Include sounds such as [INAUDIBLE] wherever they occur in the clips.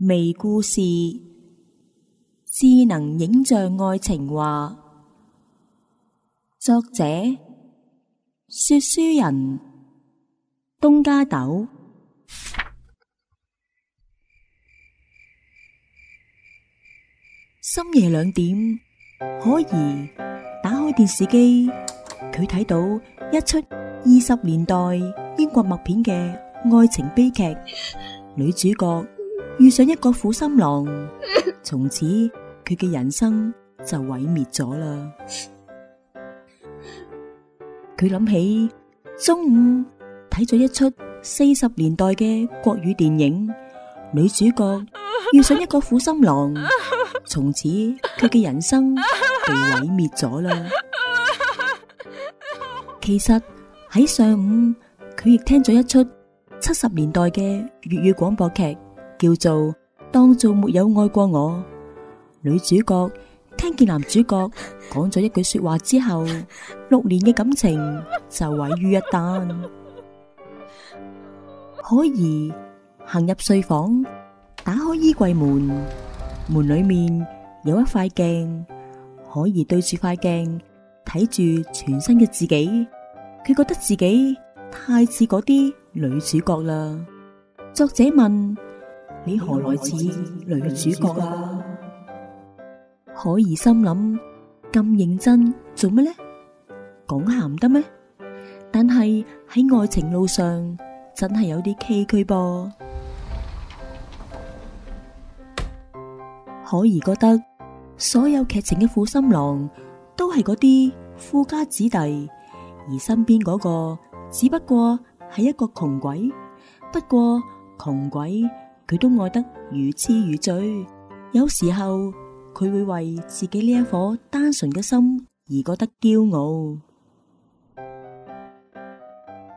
微故事，智能影像愛情話，作者說書人東加豆。 [NOISE] 深夜兩點，可兒打開電視機，佢睇到一出二十年代英國默片嘅愛情悲劇，女主角。遇上一個苦心郎，從此佢嘅人生就毀滅咗啦。佢諗起中午睇咗一出四十年代嘅國語電影，女主角遇上一個苦心郎，從此佢嘅人生被毀滅咗啦。其實喺上午佢亦聽咗一出七十年代嘅粵語廣播劇。叫做當做沒有愛過我。女主角聽見男主角講咗一句說話之後， [LAUGHS] 六年嘅感情就毀於一旦。 [LAUGHS] 可兒行入睡房，打開衣櫃門，門裏面有一塊鏡，可兒對住塊鏡睇住全身嘅自己，佢覺得自己太似嗰啲女主角啦。作者問。你何來此？女主角？海怡心諗咁認真做乜呢？講咸得咩？但係喺愛情路上真係有啲崎嶇噃。海怡覺得所有劇情嘅負心郎都係嗰啲富家子弟，而身邊嗰個只不過係一個窮鬼。不過窮鬼，佢都愛得如痴如醉，有時候佢會為自己呢一顆單純嘅心而覺得驕傲。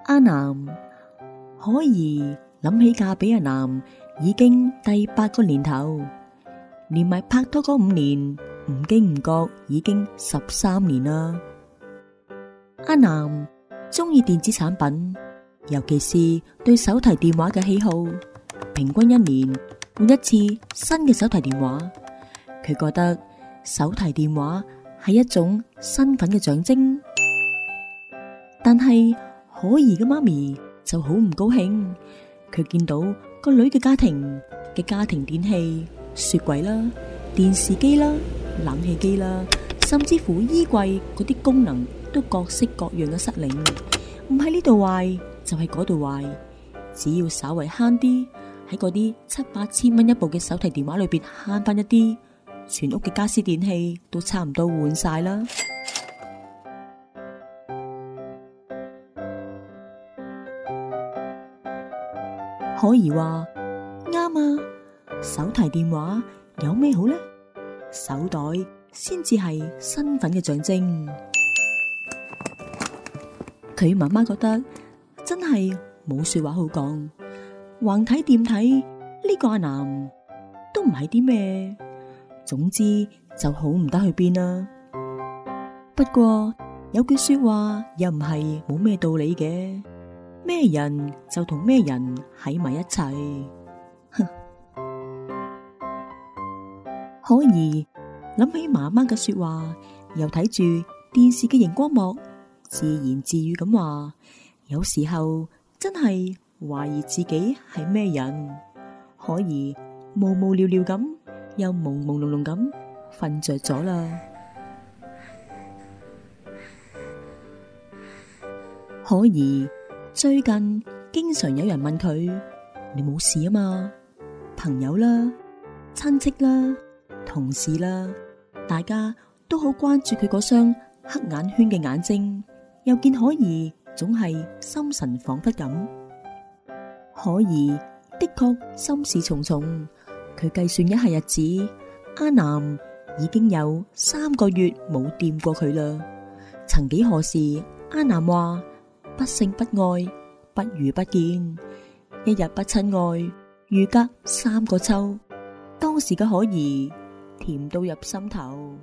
阿南，可兒諗起嫁俾阿南已經第八個年頭，連埋拍拖嗰五年，唔經唔覺已經十三年啦。阿南鍾意電子產品，尤其是對手提電話嘅喜好。平均一年換一次新嘅手提電話，佢覺得手提電話係一種身份嘅象徵。但係可兒嘅媽咪就好唔高興，佢見到個女嘅家庭嘅家庭電器，雪櫃啦、電視機啦、冷氣機啦，甚至乎衣櫃嗰啲功能都各式各樣嘅失靈，唔喺呢度壞就係嗰度壞，只要稍為慳啲，喺嗰啲七八千蚊一部嘅手提電話裏邊慳翻一啲，全屋嘅家私電器都差唔多換晒啦。可兒話啱啊，手提電話有咩好呢？手袋先至係身份嘅象徵。佢媽媽覺得真係冇說話好講。橫睇掂睇呢個阿男都唔係啲咩，總之就好唔得去邊啦。不過有句說話又唔係冇咩道理嘅，咩人就同咩人喺埋一齊。 [LAUGHS] 可兒諗起媽媽嘅說話，又睇住電視嘅熒光幕，自言自語咁話：「有時候，真係。懷疑自己係咩人，可以無無聊聊咁，又朦朦朧朧咁瞓着咗啦。 [LAUGHS] 可以最近經常有人問佢： [LAUGHS] 你冇事啊嘛？朋友啦、親戚啦、同事啦，大家都好關注佢嗰雙黑眼圈嘅眼睛，又見可以總係心神恍惚咁。可兒的確心事重重，佢計算一下日子，阿南已經有三個月冇掂過佢啦。曾幾何時，阿南話不勝不愛，不如不見，一日不親愛，如隔三個秋。當時嘅可兒甜到入心頭。